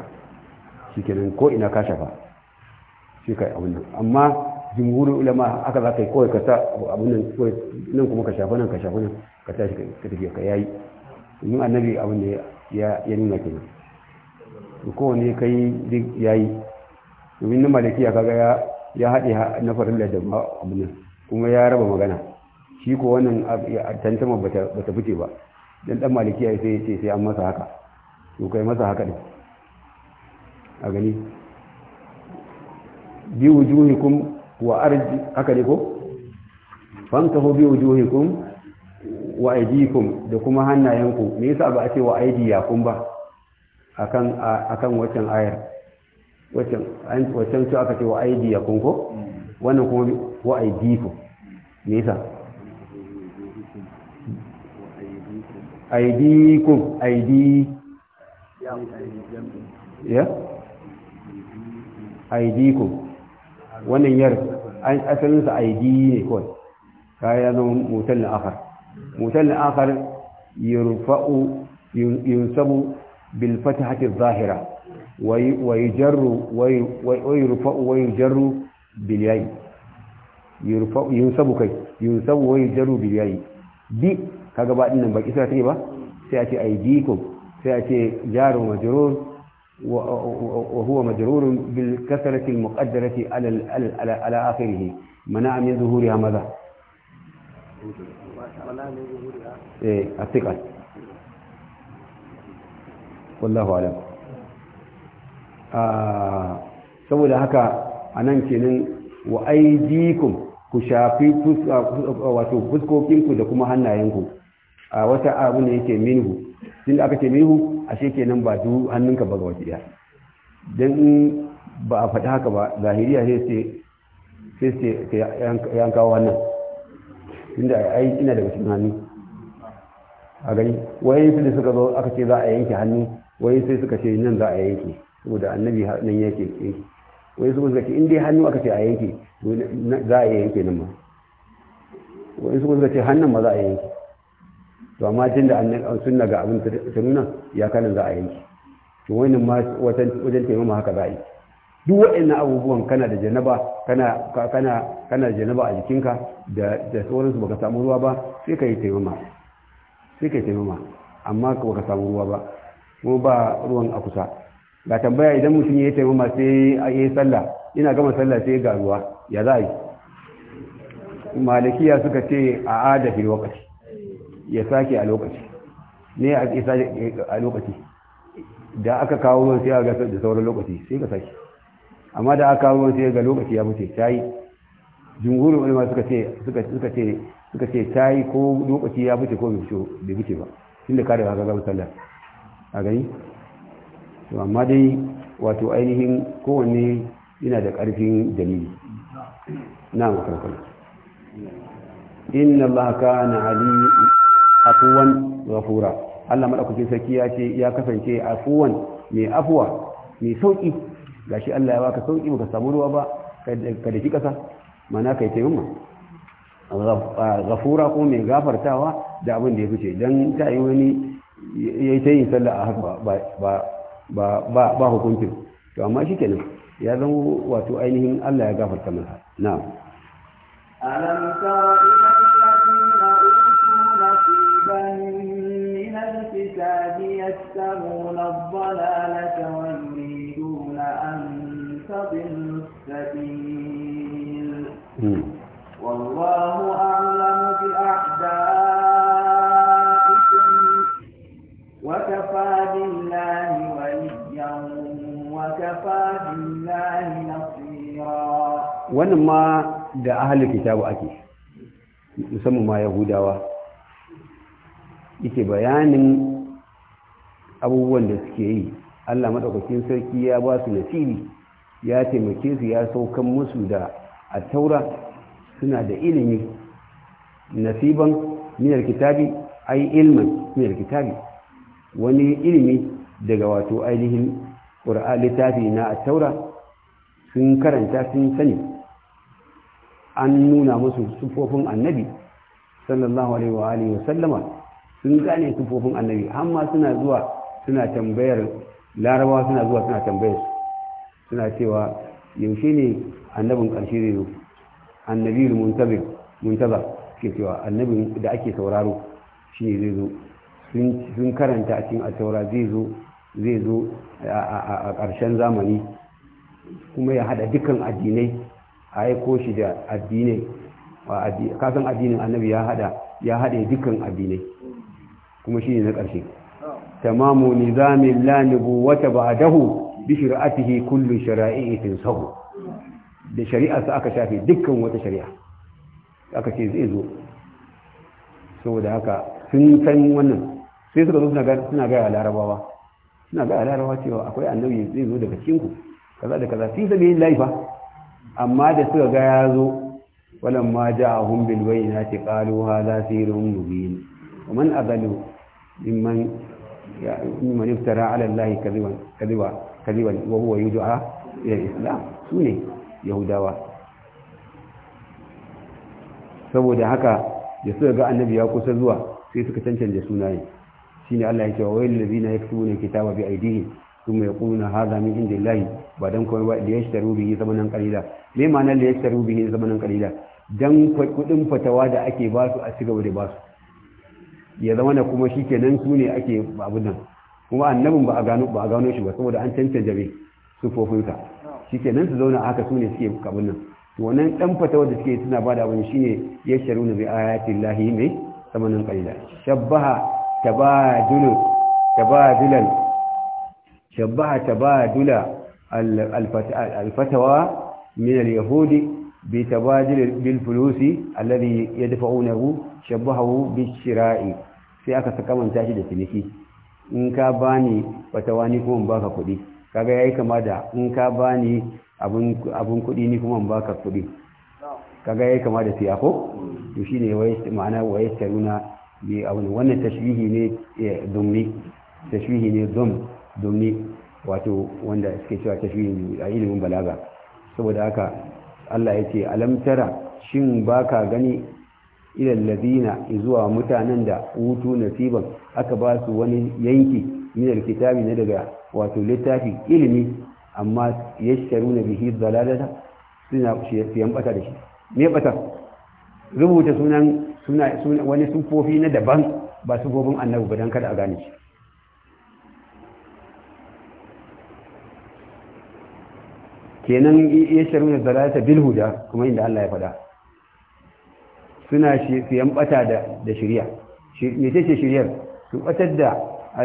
Speaker 1: shikenan ko ina ka shafa shi kai abin nan amma jumhurin ulama haka za ka yi kawai ka sa abin nan kawai nan kuma ka shafa nan ka shafa nan ka tashi ka tafiya ka yayi yin annabi abin da ya nuna kenan to kowane kai duk yayi domin na malikiya kaga ya ya haɗe na farilla da abin nan kuma ya raba magana shi ko wannan tantama bata fice ba dan dan malikiya sai sai an masa haka to kai masa haka ne a gani bi wujuhikum wa arji haka ne ko famtahu bi wujuhikum wa aydikum da kuma hannayenku me yasa ba a ce wa kun ba akan akan waccan ayar waccan an waccan ce aka ce wa kun ko wannan kuma wa aydikum me yasa aydikum aydi ya aidikum wannan yar an asalinsa aidi ne kawai kaya zama mutan la'akar mutan la'akar yurfa'u yunsabu bil fatahati zahira wa yujarru wa yurfa'u wa yujarru bil yayi yurfa'u yunsabu kai yunsabu wa yujarru bil yayi bi kaga ba dinnan baki sai take ba sai a ce aidikum sai ake jarun majrur wa huwa majrurun bil kasrati al muqaddarati ala ala ala akhirih mana min zuhuriha madha eh atiqat wallahu alam ah, saboda haka anan kenan wa aidikum ku shafi wato fuskokinku da kuma hannayenku a ah, wata abu ne yake minhu tun da aka ce mihu ashe kenan ba du hannunka ba ga wasu ɗaya don ba a faɗi haka ba zahiriya sai sai ka yan kawo wannan tun da ai ina daga cikin hannu a gani wani su da suka zo aka ce za a yanke hannu wani sai suka ce nan za a yanke saboda annabi nan yake yanke wani su suka ce in dai hannu aka ce a yanke za a yanke nan ma wani su suka ce hannun ma za a yanke to amma tun da an sunna ga abin ta nuna ya kana za a yanki to wannan ma wajen taimama haka za a yi duk waɗannan abubuwan kana da janaba kana kana kana da janaba a jikinka da da sauransu baka samu ruwa ba sai ka yi taimama sai ka yi taimama amma ka baka samu ruwa ba ko ba ruwan a kusa ga tambaya idan mutum ya yi taimama sai a yi sallah ina gama sallah sai ga ruwa ya za a yi malikiya suka ce a adabi wakati ya sake a lokaci ne a isa a lokaci da aka kawo ruwan sai a gasar da sauran lokaci sai ka sake amma da aka kawo ruwan sai ga lokaci ya mace ta yi jumhurin ulama suka ce suka ce suka ce ta yi ko lokaci ya mace ko bai wuce ba inda ka ga gaba sallah a gani to amma dai wato ainihin kowanne yana da ƙarfin dalili na makarkar inna allaha kana aliyu afuwan gafura Allah madaukakin sarki ya ce ya kasance afuwan mai afuwa mai sauki gashi Allah ya baka sauki baka samu ruwa ba ka daki kasa mana kai taimama gafura ko mai gafartawa da abin da ya fice dan ta yi wani yayi ta yin sallah a haka ba ba hukuncin to amma shi kenan ya zama wato ainihin Allah ya gafarta masa na'am
Speaker 2: من الكتاب يتبعون الضلالة ويريدون أن تضل السبيل
Speaker 3: والله
Speaker 2: أعلم بأعدائكم وكفى بالله وليا وكفى بالله نصيرا
Speaker 1: وانما da ahalin kitabu ake musamman ma yahudawa yake bayanin abubuwan da suke yi allah maɗaukakin sarki ya ba su nasibi ya taimake su ya saukan musu da a taura suna da ilimi nasiban minar kitabi ai ilmin minar kitabi wani ilimi daga wato ainihin ƙura'a littafi na a taura sun karanta sun sani an nuna musu sufofin annabi sallallahu alaihi wa sallama sun gane sufofin annabi amma suna zuwa suna tambayar larabawa suna zuwa suna tambayar suna cewa yaushe ne annabin ƙarshe zai zo annabi muntabir muntaba ke cewa annabin da ake sauraro shi ne zai zo sun karanta a cikin saura zai zo zai zo a ƙarshen zamani kuma ya hada dukkan addinai a aiko shi da addinai kasan addinin annabi ya hada ya hada dukkan addinai kuma shi ne na ƙarshe tamamu nizamin la nubuwata ba'dahu bi shari'atihi kullu shara'i'atin sahu da shari'a su aka shafi dukkan wata shari'a aka ce zai zo saboda haka sun san wannan sai suka zo suna gaya larabawa suna gaya larabawa cewa akwai annabi zai zo daga cikinku. kaza da kaza sun sami yin laifa amma da suka ga ya zo walamma ja'ahum bil bayyinati qalu hadha sirrun mubin wa man adallu mimman mimman yuftara ala Allah kadhiban kadhiban kadhiban wa huwa yud'a ila al-islam sune yahudawa saboda haka da suka ga annabi ya kusa zuwa sai suka cancanta sunaye shine Allah ya ce wa wayil ladina yaktubuna kitaba bi aydihim ثم يقولون هذا min عند الله بعدن kuma liyashtaru bihi zamanan qalila me ma'anar liyashtaru bihi zamanan qalila dan kudin fatawa da ake basu a cigaba da basu. ya zama na kuma shi kenan su ne ake abin nan kuma annabin ba a gano ba a gano shi ba saboda an cancanta su sufofinsa shi kenan su zauna haka su ne suke kabin nan to wannan dan fata wanda suke suna bada wani shine ya sharu bi ayati lahi mai samanin qalila shabbaha tabadul tabadulan shabbaha tabadula al-fatawa min al-yahudi بتبادل بالفلوس الذي يدفعونه شبهه بالشراء sai aka sakamanta shi da ciniki in ka bani watawani kuma in baka kuɗi kaga yayi kama da in ka bani abun abun kuɗi ni kuma in baka kuɗi kaga yayi kama da siya ko to shine wai ma'ana wai taruna bi abun wannan tashbihi ne eh, dumni tashbihi ne dum dumni wato wanda suke cewa tashbihi a ilimin balaga saboda haka Allah ya ce alamtara shin baka gani idan ladina zuwa mutanen da hutu nasiban aka ba su wani yanki minar kitabi na daga wato littafi ilimi amma ya na bihi dalalata suna siyan bata da shi me bata rubuta sunan wani sufofi na daban ba sufofin annabu ba dan kada a gane shi kenan ya shirme zalata bilhu da kuma inda Allah ya faɗa suna siyan bata da shirya. ne me ce shiryar su batar da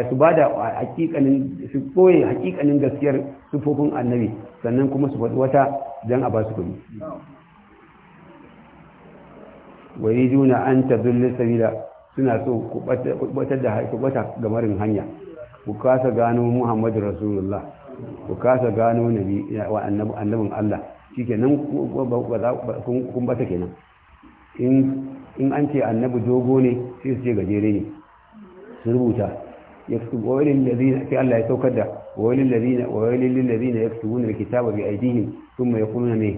Speaker 1: su da hakikanin su koyi hakikanin gaskiyar sufofin annabi sannan kuma su faɗi wata don a ba su kuɗi wani juna an tadullu sabila suna so ku batar da haifu bata gamarin hanya ku kasa gano Muhammadu Rasulullah ku kasa gano nabi wa annabin Allah shikenan kun bata kenan in an ce annabi dogo ne sai su ce gajere ne su rubuta wailin ladina sai Allah ya saukar da wailin ladina wailin ladina yaktubuna kitaba bi aydihim thumma yaquluna ne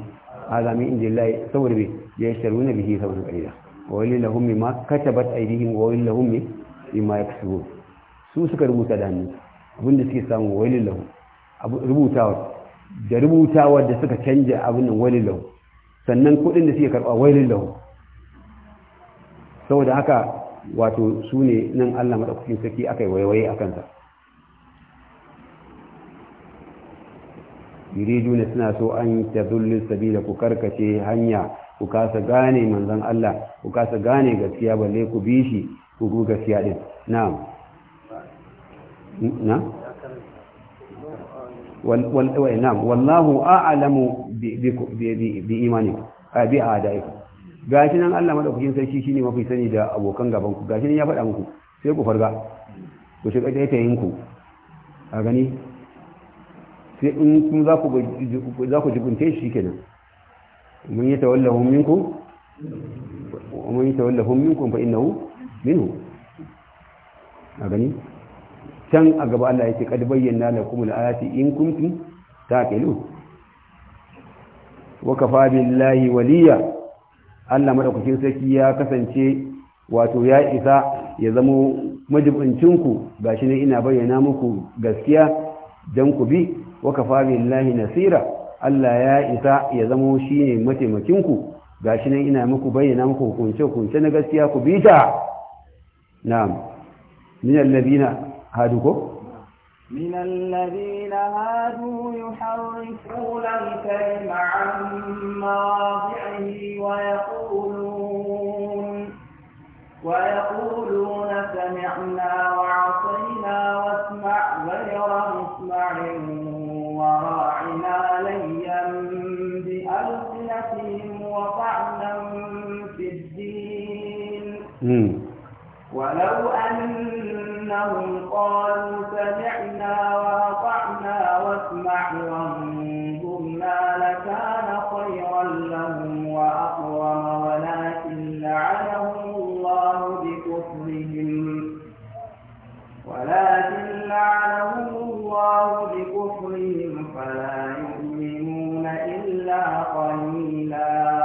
Speaker 1: hadha min indillahi saboda bi yashtaruna bihi thamanan qalila wailin lahum mimma katabat aydihim wailin lahum mimma yaksubun su suka rubuta da hannu abinda suke samu wailin lahum rubutawa da rubutawa da suka canja abin nan wani lau sannan kuɗin da suke karɓa wani lau saboda haka wato su ne nan allah maɗaukakin saki aka yi waiwaye a kansa juna suna so an tazullu sabila ku karkace hanya ku kasa gane manzan Allah ku kasa gane gaskiya balle ku bi shi ku gu gaskiya din na'am na na'am wallahu a'lamu bi imanikum bi a'daikum gashi nan Allah madaukakin sarki shine mafi sani da abokan gaban ku gashi nan ya faɗa muku sai ku farga ku shiga taitayin ku a gani sai in kun za ku za ku jibunte shi kenan mun yi tawallahu minkum ومن يتولهم منكم فإنه a gani. can a gaba Allah ya ce kad bayyana lakum al-ayati in kuntum taqilun wa kafa billahi waliya Allah madaukakin sarki ya kasance wato ya isa ya zamo majibincin ku gashi ne ina bayyana muku gaskiya dan ku bi wa kafa billahi nasira Allah ya isa ya zamo shine mataimakin ku gashi ne ina muku bayyana muku hukunce hukunce na gaskiya ku bi ta na'am min alladhina هادوكو
Speaker 2: من الذين هادوا يحرفون الكلم عن مواضعه ويقولون ويقولون سمعنا وعصينا واسمع غير مسمع وراعنا ليا بألسنتهم وطعنا في الدين ولو أن إنهم قالوا سمعنا وأطعنا واسمع وانظرنا لكان خيرا لهم وأقوم ولكن لعنهم الله بكفرهم ولكن لعنهم الله بكفرهم فلا يؤمنون إلا قليلا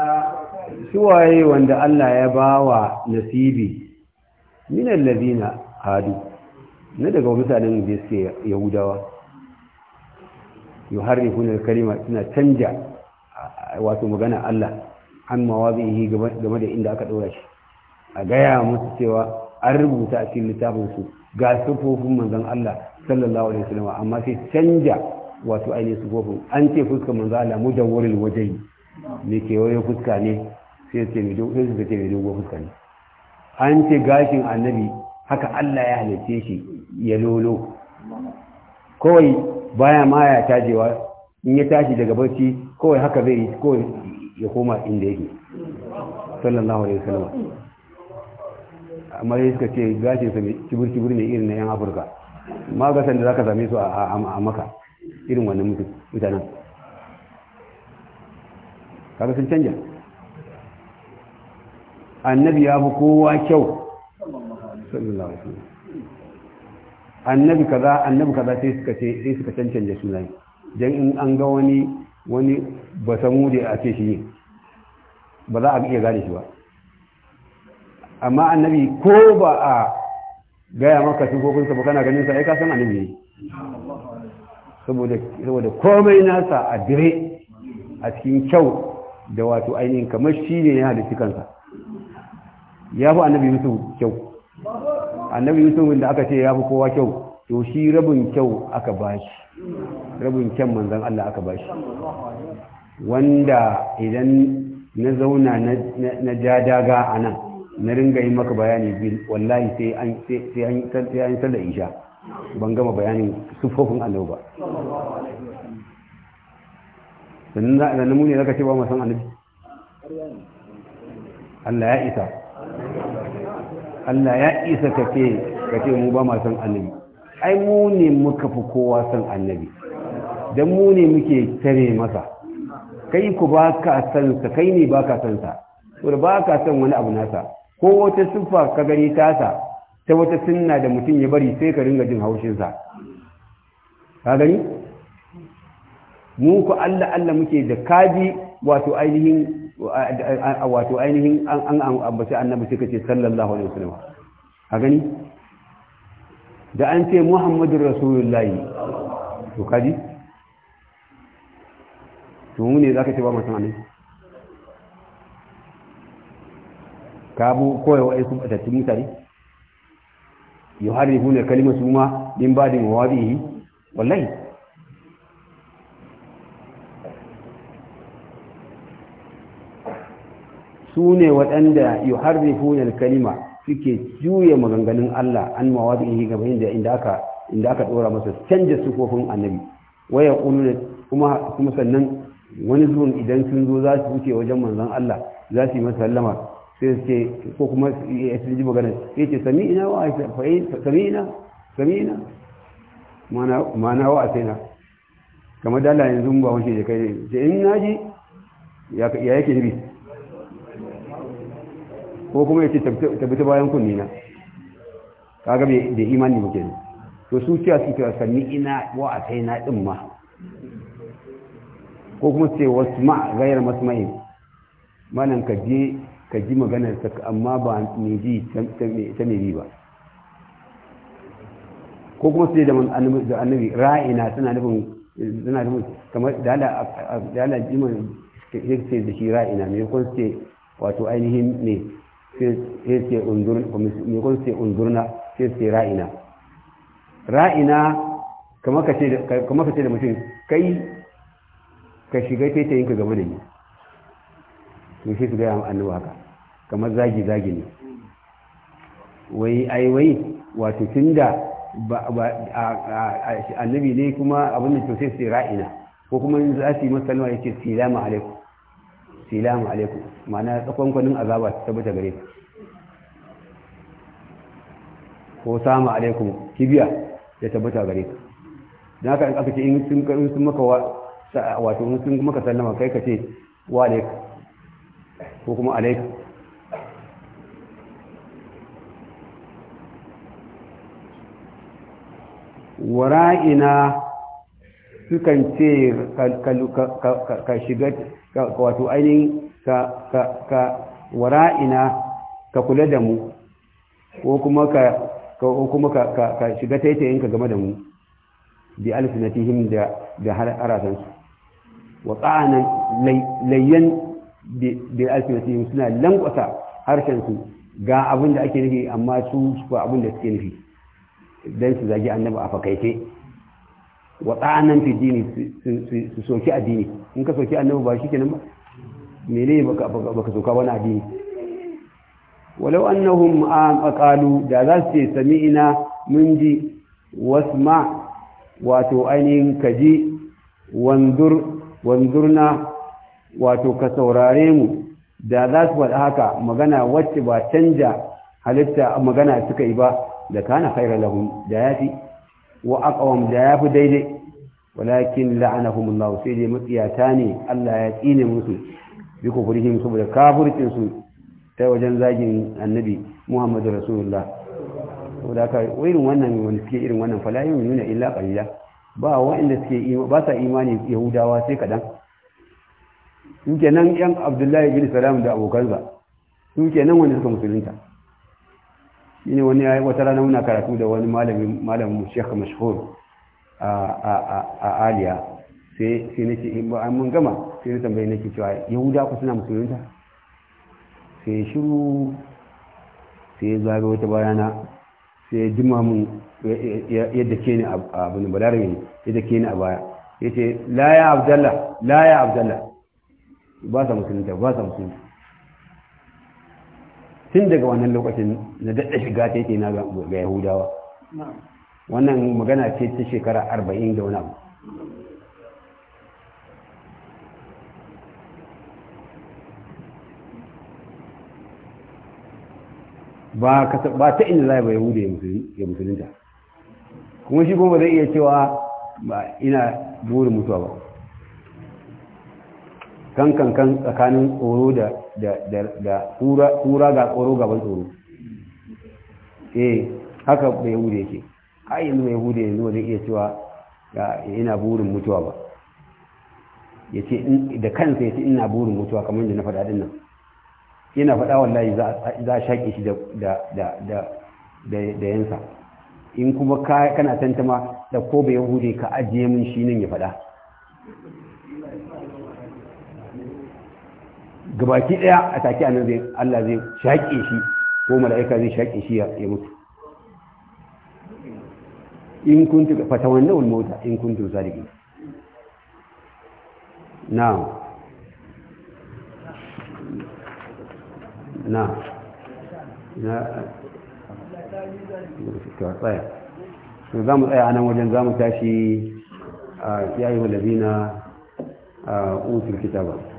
Speaker 1: سوى وند الله يباوى نسيبي من الذين هادوا na daga mutanen da suke yahudawa yuharri kuna ne kalima suna canja wato magana Allah an mawa zai yi game da inda aka ɗora shi a gaya musu cewa an rubuta a cikin littafinsu ga sufofin manzan Allah sallallahu alaihi wasallam amma sai canja wato ainihin sufofin an ce fuska manzan Allah mujawwaril wajayi ne kewaye fuska ne sai ce mai dogo fuska ne an ce gashin annabi haka Allah ya halice shi ya lolo kawai baya ma ya tajewa in ya tashi daga barci kawai haka zai yi kawai ya koma inda yake
Speaker 3: sallallahu alaihi wasallam
Speaker 1: amma yake ce gashi sa kibir kibir ne irin na yan Afirka ma ga san da zaka same su a maka irin wannan mutanen kaga sun canja annabi ya fi kowa kyau sallallahu alaihi wasallam annabi kaza annabi kaza sai suka ce sai suka cancanta sunan dan in an ga wani wani ba samu da a ce shi ba za a iya gane shi ba amma annabi ko ba a gaya maka sifofinsa ba kana ganin sa ai ka san annabi ne saboda saboda komai nasa a dire a cikin kyau da wato ainihin kamar shi ne ya halitta kansa ya fi annabi musu kyau
Speaker 3: annabi yusuf da aka ce ya fi kowa kyau
Speaker 1: to shi rabin kyau aka bashi rabin kyan manzan Allah aka bashi wanda idan na zauna na ja daga a nan na ringa yi maka bayani bil wallahi sai an sai an isha ban gama bayanin sufofin allah ba sannan za a mu ne zaka ce ba mu san annabi Allah ya isa
Speaker 3: Allah ya isa ka
Speaker 1: ce mu ba ma san annabi ai mu ne muka fi kowa san annabi dan mu ne muke tare masa kai ku ba ka san sa kai ne ba ka san sa saboda ba ka san wani abu nasa ko wata siffa ka gani tasa ta wata sunna da mutum ya bari sai ka ringa jin haushin sa ka gani mu ku Allah Allah muke da kaji wato ainihin wato ainihin an ambaci annabi suka ce sallallahu alaihi wasallam a gani da an ce muhammadu rasulullahi to kaji to mu ne za ka ce ba mutum ne ka bu koyawa isu batattu mutane yau har ne kalimar su ma din ba da mawadihi wallahi su ne waɗanda yi harrifunar kalima suke juya maganganun Allah an mawa mawadu ihe gaba inda aka inda aka ɗora masa canja sufofin annabi waya ƙunu kuma kuma sannan wani zuwan idan sun zo za su wuce wajen manzon Allah za su yi masa sallama sai su ce ko kuma ya sun ji magana sai ce sami'ina wa sami'ina sami'ina mana wa na? kamar dala yanzu ba wace da kai ce in naji ya yake nufi ko kuma ya ce tabbata bayan kunni na kaga da imani muke ne to su a su cewa sanni ina wa a kai na din ma ko kuma ce wasu ma gayar masma'in manan ka je ka ji maganar ta amma ba ne ji ta ne ba ko kuma su da annabi ra'ina suna nufin suna nufin kamar da ala jimar ya ce da shi ra'ina mai kwanse ce wato ainihin ne sai ce unzurna sai ce ra'ina ra'ina kama ka ce da mutum kai ka shiga taitayin yinka game da ni to shi su gaya annabi haka kamar zagi zagi ne wai ai wai wato tunda annabi ne kuma abin da to sai ra'ina ko kuma za su yi masa kalma yake sila alaikum silamu alaikum ma'ana tsakonkwanin azaba ta tabbata gare ku ko samu alaikum kibiya ya tabbata gare ku don haka in aka ce in sun sun maka wato in sun maka sallama kai ka ce wa alaikum ko kuma alaikum wara'ina sukan ce ka shiga ka wato ainihin ka wara ka wara'ina ka kula da mu ko kuma ka ko kuma ka ka shiga taitayin ka game da mu bi alfinatihim da da harasan su wa qa'anan layyan bi alfinatihim suna lankwasa harshen su ga abin da ake nufi amma su ba abin da suke nufi dan su zagi annabi a fakaice wa tsa'anan fi dini su soki addini in ka soki annabi ba shi kenan ba mene baka soka wani addini walau annahum aqalu da za su ce sami'ina mun ji wasma wato ainihin kaji wandur wanzurna wato ka saurare mu da za su faɗa haka magana wacce ba canja halitta magana suka yi ba da kana khairar lahum da yafi wa aqwam da yafi daidai walakin la'anahum Allah sai dai matsiyata ne Allah ya tsine musu bi kufrihim saboda kafircin su ta wajen zagin annabi Muhammadu Rasulullah saboda haka irin wannan wani suke irin wannan fala nuna illa qalila ba wa'anda suke ba sa imani Yahudawa sai kadan in nan yan Abdullahi bin Salam da abokansa in nan wani suka musulunta shine wani wata rana muna karatu da wani malamin malamin Sheikh mashhur a aliya sai na ce mun gama sai na tambaye nake cewa yahuda ku suna musulunta sai shiru sai ya zaga wata bayana sai ya jima mun yadda ke ni abin balarabe ne yadda ke ni a baya ya ce la ya laya la ya ba sa musulunta ba sa musulunta tun daga wannan lokacin na daɗa shiga ta yake na ga yahudawa wannan magana ce ta shekara arba'in da wani abu ba ta ina za a bai wuda ya musulunta kuma shi kuma zai iya cewa ba ina burin mutuwa ba kan kan tsakanin tsoro da Tsura ga tsoro gaban tsoro eh haka bai ya yake har yanzu mai hudu yanzu ba zai iya cewa ina burin mutuwa ba ya ce da kansa ya ce ina burin mutuwa kamar da na faɗa ɗin nan yana faɗa wallahi za a shaƙe shi da yansa in kuma kana tantama da ko bai hude ka ajiye min shi nan ya faɗa gabaki ɗaya a take anan zai Allah zai shaƙe shi ko mala'ika zai shaƙe shi ya mutu in kuntu fatawannaw al-mauta in kuntu sadiqin na'am na'am na tsaya to za mu tsaya a nan wajen za mu tashi ya yi wa labina a utul kitabar